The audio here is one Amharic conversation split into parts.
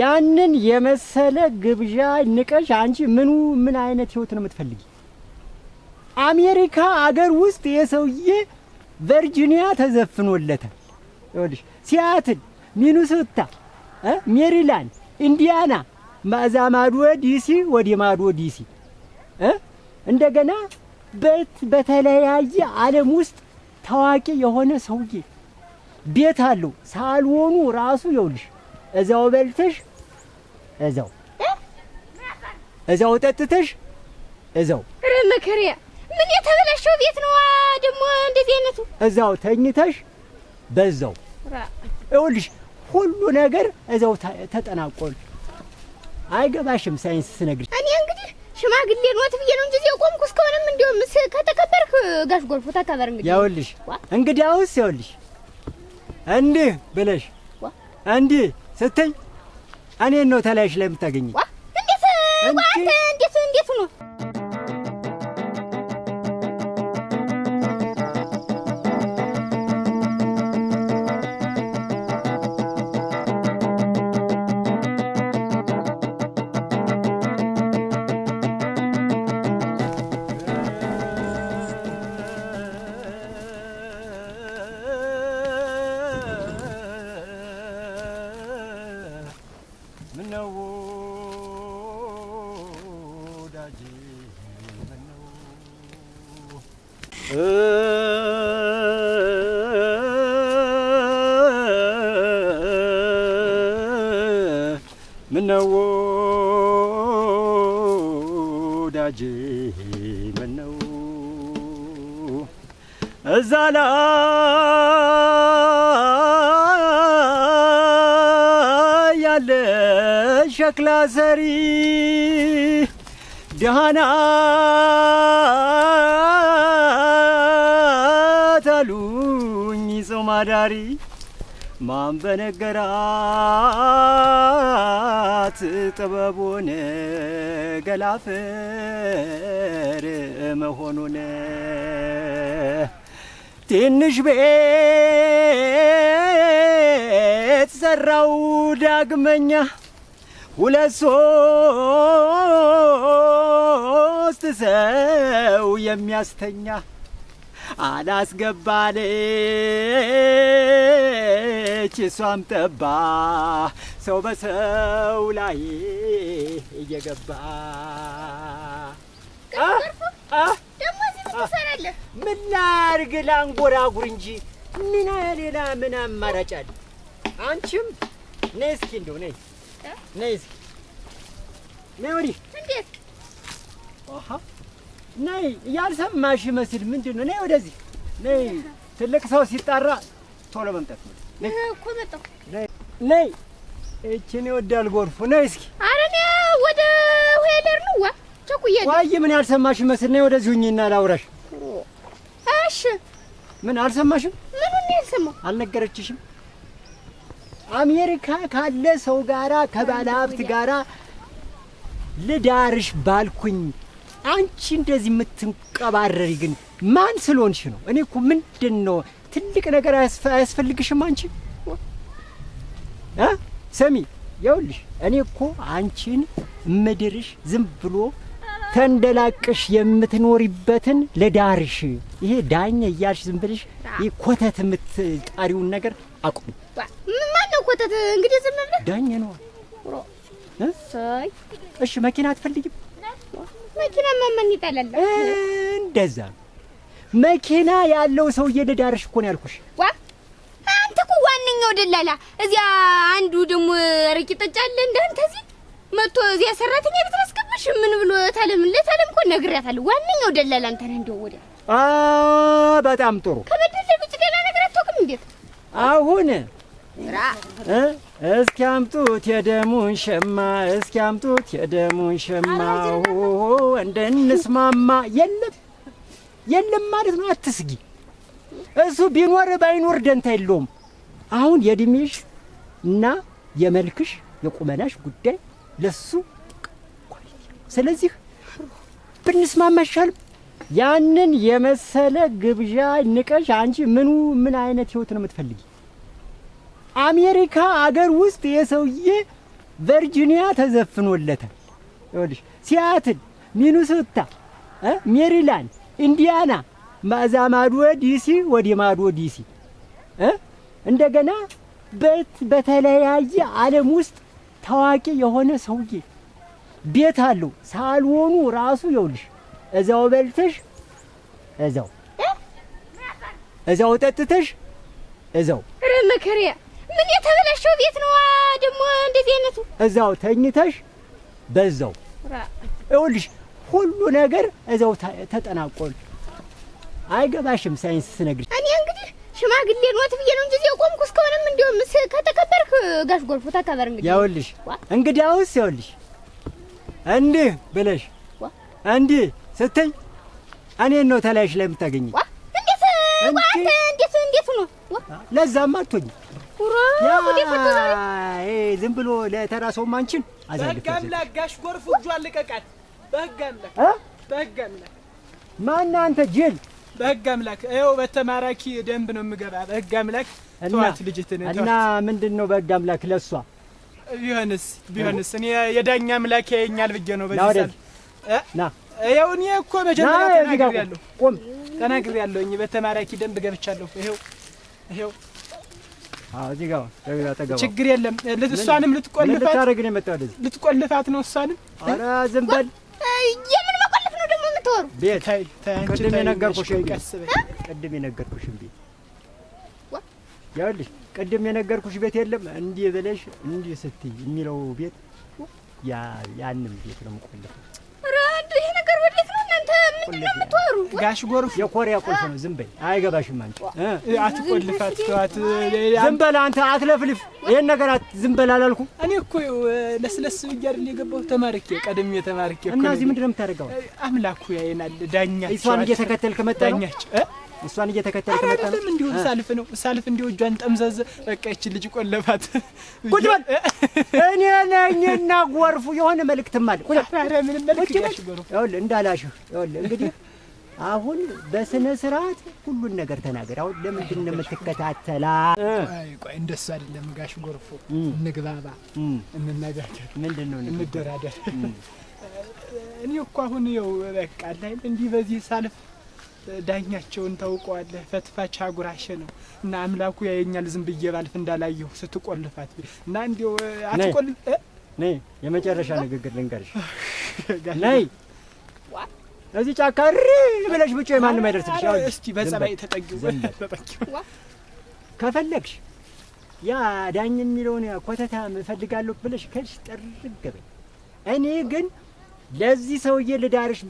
ያንን የመሰለ ግብዣ ንቀሽ አንቺ ምኑ ምን አይነት ህይወት ነው የምትፈልጊ? አሜሪካ አገር ውስጥ የሰውዬ ቨርጂኒያ ተዘፍኖለታል። ይኸውልሽ ሲያትል፣ ሚኒሶታ፣ ሜሪላንድ፣ ኢንዲያና ማዛ ማዶ ዲሲ ወደ ማዶ ዲሲ እንደገና በተለያየ ዓለም ውስጥ ታዋቂ የሆነ ሰውዬ ቤት አለው ሳልሆኑ ራሱ ይኸውልሽ እዛው በልተሽ እዛው እዛው ጠጥተሽ እዛው። ኧረ መከሪያ ምን የተበላሸው ቤት ነው ደግሞ እንደዚህ አይነቱ? እዛው ተኝተሽ በዛው ይኸውልሽ፣ ሁሉ ነገር እዛው ተጠናቆል። አይገባሽም ሳይንስ ስነግርሽ። እኔ እንግዲህ ሽማግሌ ነው ብዬ ነው እንጂ እዚህ ቆምኩ። እስከሆነም እንዲሁም ከተከበርክ ጋሽ ጎልፎ ተከበር። እንግዲህ ይኸውልሽ፣ እንግዲህ አውስ ይኸውልሽ እንዲህ ብለሽ እንዲህ ስትል እኔን ነው ተላይሽ ላይ የምታገኘኝ። እንዴት እንዴት እንዴት ሆኖ ምነው ዳጄ ምነው እዛ ላይ ያለ ሸክላ ሰሪ ደህና ማዳሪ ማን በነገራት ጥበቡን ገላፈር መሆኑን ትንሽ ቤት ሰራው ዳግመኛ ሁለት ሶስት ሰው የሚያስተኛ አላስገባለች እሷም ጠባ ሰው በሰው ላይ እየገባ ምን ላድርግ ላንጎራጉር እንጂ ምን ሌላ ምን አማራጭ አለ? አንቺም ነይ እስኪ እንደው ነይ ነይ እስኪ ነይ ወዲህ እንዴት ነይ ያልሰማሽ መስል ምንድን ነው? ነይ ወደዚህ ነይ። ትልቅ ሰው ሲጣራ ቶሎ መምጣት ነው። ነይ እችን ይወዳል ጎርፉ። ነይ እስኪ ኧረ እኔ ወደ ሄደር ነው ዋ ቸኩዬ ዋይ ምን ያልሰማሽ መስል ነይ ወደዚህ ሁኚና ላውራሽ። እሺ ምን አልሰማሽም? ምን ነው ያልሰማው? አልነገረችሽም? አሜሪካ ካለ ሰው ጋራ ከባለ ሀብት ጋራ ልዳርሽ ባልኩኝ አንቺ እንደዚህ የምትንቀባረሪ ግን ማን ስለሆንሽ ነው? እኔ እኮ ምንድን ነው ትልቅ ነገር አያስፈልግሽም። አንቺ ሰሚ፣ የውልሽ እኔ እኮ አንቺን ምድርሽ ዝም ብሎ ተንደላቅሽ የምትኖሪበትን ለዳርሽ ይሄ ዳኛ እያልሽ ዝም ብለሽ ኮተት የምትጣሪውን ነገር አቁም። ማን ነው ኮተት? እንግዲህ ዝም ብለህ ዳኛ ነው። እሺ መኪና አትፈልጊም? መኪና ማመን ይጠላል። እንደዛ መኪና ያለው ሰውዬ ደዳርሽ እኮ ነው ያልኩሽ። ዋ አንተ እኮ ዋነኛው ደላላ። እዚያ አንዱ ደግሞ ረቂ ጫለ እንዳንተ እዚህ መጥቶ እዚያ ሰራተኛ ቤት አስገብሽ ምን ብሎ ታለም ለታለም እኮ ነግሬያታለሁ። ዋነኛው ደላላ አንተ ነህ። እንደው ወዲያ አ በጣም ጥሩ ከበደለ ውጭ ሌላ ነገር አትወቅም እንዴት አሁን እስኪ አምጡት የደሙን ሸማ፣ እስኪ አምጡት የደሙን ሸማ፣ እንደንስማማ። የለም የለም ማለት ነው። አትስጊ፣ እሱ ቢኖር ባይኖር ደንታ የለውም። አሁን የእድሜሽ እና የመልክሽ የቁመናሽ ጉዳይ ለሱ ስለዚህ ብንስማማ ይሻልም። ያንን የመሰለ ግብዣ ንቀሽ አንቺ ምኑ ምን አይነት ህይወት ነው የምትፈልጊ? አሜሪካ አገር ውስጥ የሰውዬ ቨርጂኒያ ተዘፍኖለታል። ይኸውልሽ ሲያትል፣ ሚኒሶታ፣ ሜሪላንድ፣ ኢንዲያና ማዛ ማዶ ዲሲ ወደ ማዶ ዲሲ እንደገና በተለያየ ዓለም ውስጥ ታዋቂ የሆነ ሰውዬ ቤት አለው። ሳልሆኑ ራሱ ይኸውልሽ እዛው በልተሽ እዛው እዛው ጠጥተሽ እዛው ረመከሪያ ምን የተበላሸው ቤት ነው ደግሞ እንደዚህ አይነቱ? እዛው ተኝተሽ በዛው ይኸውልሽ፣ ሁሉ ነገር እዛው ተጠናቆል። አይገባሽም ሳይንስ ስነግርሽ። እኔ እንግዲህ ሽማግሌ ኖት ብዬ ነው እንጂ እዚህ የቆምኩ እስከሆነም እንዲሁም ከተከበርክ ጋሽ ጎልፎ ተከበር። እንግዲህ ይኸውልሽ፣ እንግዲያውስ ይኸውልሽ እንዲህ ብለሽ እንዲህ ስትይ እኔን ነው ተለያይሽ ላይ የምታገኘኝ። እንዴት እንዴት እንዴት ነው? ለዛም አትሆኝም ዝም ብሎ ለተራ ሰውም አንቺን አዛልጋም ላጋሽ ጎርፍ እጁ አልቀቃት። በህግ አምላክ በህግ አምላክ ማን አንተ ጅል! በህግ አምላክ ይኸው በተማራኪ ደንብ ነው የምገባ። በህግ አምላክ ተዋት ልጅትን እና ምንድን ነው በህግ አምላክ ለሷ ቢሆንስ ቢሆንስ እኔ የዳኛ አምላክ ያየኛል ብዬ ነው በዚህ ሰዓት ና ይኸው እኔ እኮ መጀመሪያ ተናግሬያለሁ፣ ተናግሬያለሁ። በተማራኪ ደንብ ገብቻለሁ። ይኸው ይኸው ችግር የለም። እሷንም ልትቆልፋት ነው። እሷንም ኧረ ዝም በል። የምን መቆልፍ ነው ደግሞ የምትወሩ ቤት? ቅድም የነገርኩሽን ቅድም የነገርኩሽን ቤት ይኸውልሽ፣ ቅድም የነገርኩሽ ቤት የለም እንዲህ ብለሽ እንዲህ ስትይ የሚለው ቤት ያንም ቤት ነው የምቆልፈው ጋሽ ጎርፍ የኮሪያ ቁልፍ ነው። ዝም በይ አይገባሽም። አንቺ አትቆልፋት፣ ተዋት። ዝም በላ አንተ አትለፍልፍ። ይሄን ነገር ዝም በላ አላልኩም እኔ እኮ ለስለስ ብዬሽ አይደል የገባሁት። ተማርኬ ቀደም የተማርኬ እና እዚህ ምንድን ነው የምታደርገው? አምላኩ ያየናል። ዳኛችን እሷን እየተከተልክ መጣ ነው እሷን እየተከተል ከመጣ ነው እንዲሁ ሳልፍ ነው ሳልፍ እንዲሁ እጇን ጠምዘዝ በቃ እቺ ልጅ ቆለፋት። ቁጭ በል እኔ ነኝና ጎርፉ የሆነ መልእክትም አለ። ቁጭ በል ምንም መልእክት ይኸውልህ፣ እንዳላሽህ ይኸውልህ እንግዲህ አሁን በስነ ስርዓት ሁሉን ነገር ተናገር። አሁን ለምንድን ነው የምትከታተላ? አይ ቆይ እንደሱ አይደለም ጋሽ ጎርፎ፣ እንግባባ፣ እንነጋገር፣ ምንድን ነው እንደራደር። እኔ እኮ አሁን ይኸው በቃ እንዲህ በዚህ ሳልፍ ዳኛቸውን ታውቀዋለህ። ፈትፋች አጉራሸ ነው እና አምላኩ ያየኛል ዝም ብዬ ባልፍ እንዳላየሁ ስትቆልፋት እና እንዲው አትቆል ነይ፣ የመጨረሻ ንግግር ልንገርሽ። ነይ እዚህ ጫካ ሪ ብለሽ ብጮ ማንም አይደርስልሽ። እስቲ በጸባይ ተጠጊ ተጠጊው። ከፈለግሽ ያ ዳኝ የሚለውን ኮተታ እፈልጋለሁ ብለሽ ከልሽ ጥርግ በይ። እኔ ግን ለዚህ ሰውዬ ልዳርሽ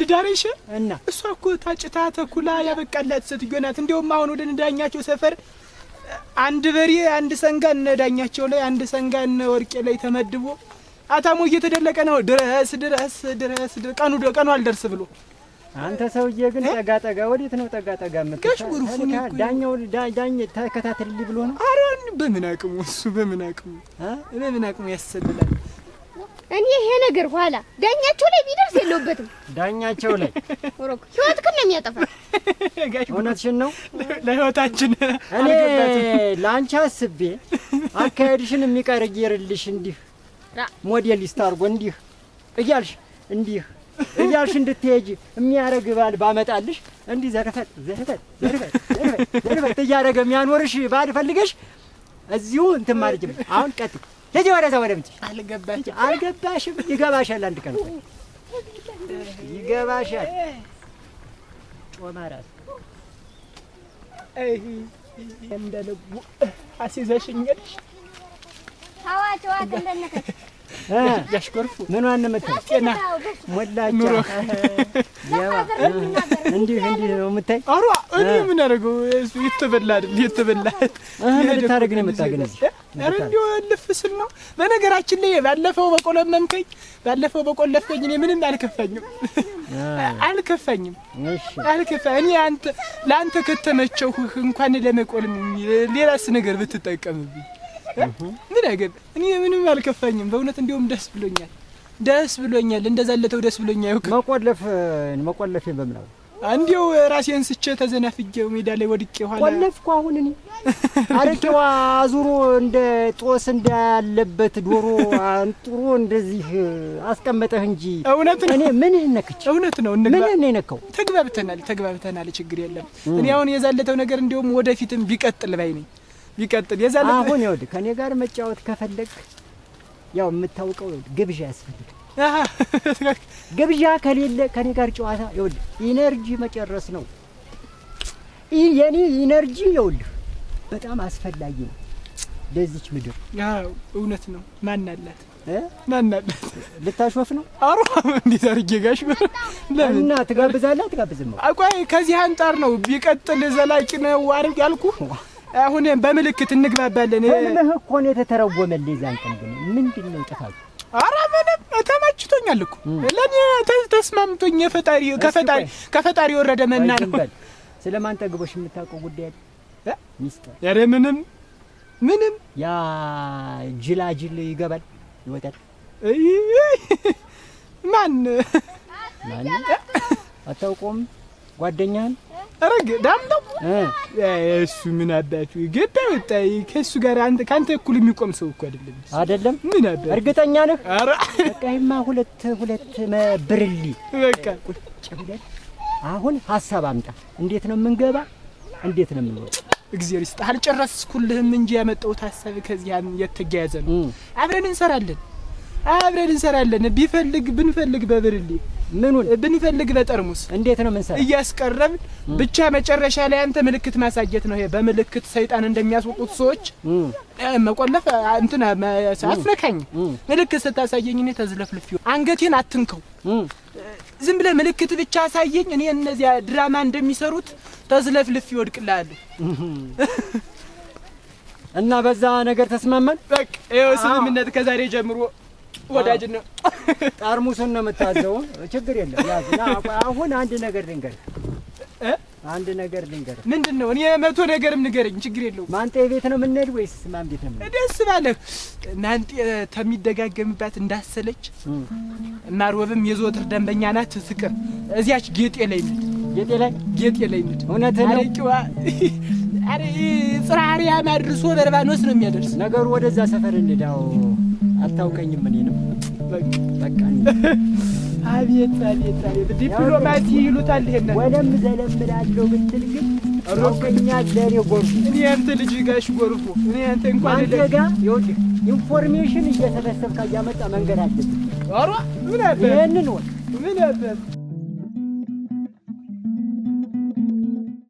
ልዳርሽ እና እሷ እኮ ታጭታ ተኩላ ያበቃላት ሴትዮ ናት። እንዲያውም አሁን ወደ ንዳኛቸው ሰፈር አንድ በሬ አንድ ሰንጋ እነዳኛቸው ላይ አንድ ሰንጋ እነ ወርቄ ላይ ተመድቦ አታሞ እየተደለቀ ነው። ድረስ ድረስ ድረስ ቀኑ ቀኑ አልደርስ ብሎ አንተ ሰውዬ ግን ጠጋ ጠጋ ወዴት ነው ጠጋ ጠጋ የምትልሽ? ዳኛው ዳኝ ተከታተልልኝ ብሎ ነው። ኧረ በምን አቅሙ እሱ በምን አቅሙ በምን አቅሙ ያሰልላል እኔ ይሄ ነገር ኋላ ዳኛቸው ላይ ቢደርስ የለውበትም። ዳኛቸው ላይ ወሮኩ ህይወት ግን ነው የሚያጠፋ። እውነትሽን ነው። ለህይወታችን እኔ ለአንቺ አስቤ አካሄድሽን የሚቀርየርልሽ እንዲህ ሞዴሊስት አድርጎ እንዲህ እያልሽ እንዲህ እያልሽ እንድትሄጂ የሚያደርግ ባል ባመጣልሽ እንዲህ ዘርፈት ዘርፈት ዘርፈት ዘርፈት እያደረገ የሚያኖርሽ ባል ፈልገሽ እዚሁ እንትን ማለት አሁን ቀጥ ሂጂ ወደዛ ወደ ቤት። አልገባሽም። ይገባሻል። አንድ ቀን ይገባሻል። ጮማ ራስ እንደ ልቡ አስይዘሽኝ ሄድሽ። ታዋጭ ዋት እንደነከሽ ያሽኮርፉ ምን ዋን የምታይ ጤና ሞላጫ እንዲህ እንዲህ ነው የምታይ። ኧረ እኔ ምን አደረገው እሱ ይተበላል ይተበላል። የተበላ ምን ልታደርግ ነው የመጣህ ግን እዚህ ኧረ እንዲያው እልፍ ስል ነው። በነገራችን ላይ ባለፈው በቆለመምከኝ ባለፈው በቆለፍከኝ እኔ ምንም አልከፋኝም አልከፋኝም አልከፋ እኔ አንተ ለአንተ ከተመቸውህ እንኳን ለመቆልም ሌላስ ነገር ብትጠቀምብኝ ምን እኔ ምንም አልከፋኝም። በእውነት እንዲያውም ደስ ብሎኛል፣ ደስ ብሎኛል። እንደዛ ለተው ደስ ብሎኛል። መቆለፍ መቆለፌ በምን እንዲው ራሴን ስቼ ተዘናፍጄ ሜዳ ላይ ወድቄ ኋላ ቆለፍኩ። አሁን እኔ አረቄዋ አዙሮ እንደ ጦስ እንዳለበት ዶሮ አንጥሮ እንደዚህ አስቀመጠህ እንጂ እውነት ነው። እኔ ምን ነክች? እውነት ነው። ምን ነው የነካው? ተግባብተናል፣ ተግባብተናል። ችግር የለም። እኔ አሁን የዛለተው ነገር እንዲሁም ወደፊትም ቢቀጥል ባይ ነኝ። ቢቀጥል የዛለተው አሁን ይኸውልህ፣ ከእኔ ጋር መጫወት ከፈለግ ያው የምታውቀው ግብዣ ያስፈልግ ግብዣ ከሌለ ከኔ ጋር ጨዋታ ይኸውልህ፣ ኢነርጂ መጨረስ ነው። የኔ ኢነርጂ ይኸውልህ በጣም አስፈላጊ ነው ለዚች ምድር። እውነት ነው። ማን አላት? ማን አላት? ልታሾፍ ነው? አሮ እንዴት አድርጌ ጋሽ እና ትጋብዛለህ? አትጋብዝም? አቋይ ከዚህ አንጻር ነው ቢቀጥል ዘላቂ ነው አድርግ ያልኩ አሁን በምልክት እንግባባለን። እኮ ነው የተተረጎመልህ። ዛን ቀን ግን ምንድን ነው ጥፋቱ? አረ ምንም ተመችቶኛል እኮ ለእኔ ተስማምቶኝ የፈጣሪ ከፈጣሪ ከፈጣሪ ወረደ መና ነው። ስለማንተ ግቦሽ የምታውቀው ጉዳይ ሚስጥር? ኧረ ምንም ምንም። ያ ጅላጅል ይገባል ይወጣል። እይ ማን ማን አታውቆም ጓደኛህን አረግ ዳምጠው እሱ ምን አባቱ ገባ ወጣ። ከእሱ ጋር አንተ ካንተ እኩል የሚቆም ሰው እኮ አይደለም አይደለም። ምን አባቱ እርግጠኛ ነህ? ኧረ በቃ ይማ ሁለት ሁለት መብርሊ በቃ ቁጭ ብለን አሁን ሀሳብ አምጣ። እንዴት ነው የምንገባ? እንዴት ነው የምንወጣ? እግዚአብሔር ይስጥህ። አልጨረስኩልህም እንጂ ያመጣሁት ሀሳብ ከዚህ የተያያዘ ነው። አብረን እንሰራለን አብረን እንሰራለን። ቢፈልግ ብንፈልግ በብርሌ ምኑን ብንፈልግ በጠርሙስ እንዴት ነው ምንሰራ እያስቀረብን ብቻ መጨረሻ ላይ አንተ ምልክት ማሳየት ነው። ይሄ በምልክት ሰይጣን እንደሚያስወጡት ሰዎች መቆለፍ እንትን አስነካኝ። ምልክት ስታሳየኝ እኔ ተዝለፍልፍ አንገቴን አትንከው፣ ዝም ብለህ ምልክት ብቻ አሳየኝ። እኔ እነዚያ ድራማ እንደሚሰሩት ተዝለፍልፊ ወድቅላለሁ። እና በዛ ነገር ተስማማን። በቃ ይኸው ስምምነት ከዛሬ ጀምሮ ወዳጅነት ጠርሙሱን ነው የምታዘው። ችግር የለም ያዝ። አሁን አንድ ነገር ልንገርህ እ አንድ ነገር ልንገርህ። ምንድን ነው? እኔ መቶ ነገርም ንገረኝ፣ ችግር የለውም። ማንጤ ቤት ነው የምንሄድ ወይስ ማን ቤት ነው ደስ ባለህ። ማንጤ ተሚደጋገምባት እንዳሰለች እማሮብም የዘወትር ደንበኛ ናት። ፍቅር እዚያች ጌጤ ላይ ነድ፣ ጌጤ ላይ ጌጤ ላይ ነድ። እውነትህን ነው አለቂዋ አረ ጽራሪያ ማድርሶ በርባኖስ ነው የሚያደርስ ነገሩ። ወደዛ ሰፈር እንዳው አታውቀኝም። እኔንም በቃ አቤት አቤት አቤት ዲፕሎማሲ ይሉታል። ይሄን ወደም ዘለምላለሁ ብትል ግን ሮቀኛ ዘሬ ጎርፉ እኔ አንተ ልጅ ጋሽ ጎርፉ እኔ አንተ እንኳን ጋ ይኸውልህ ኢንፎርሜሽን እየተበሰብካ እያመጣ መንገድ አለብህ። ኧረ ምን አለ ይሄንን ወቅ ምን አለ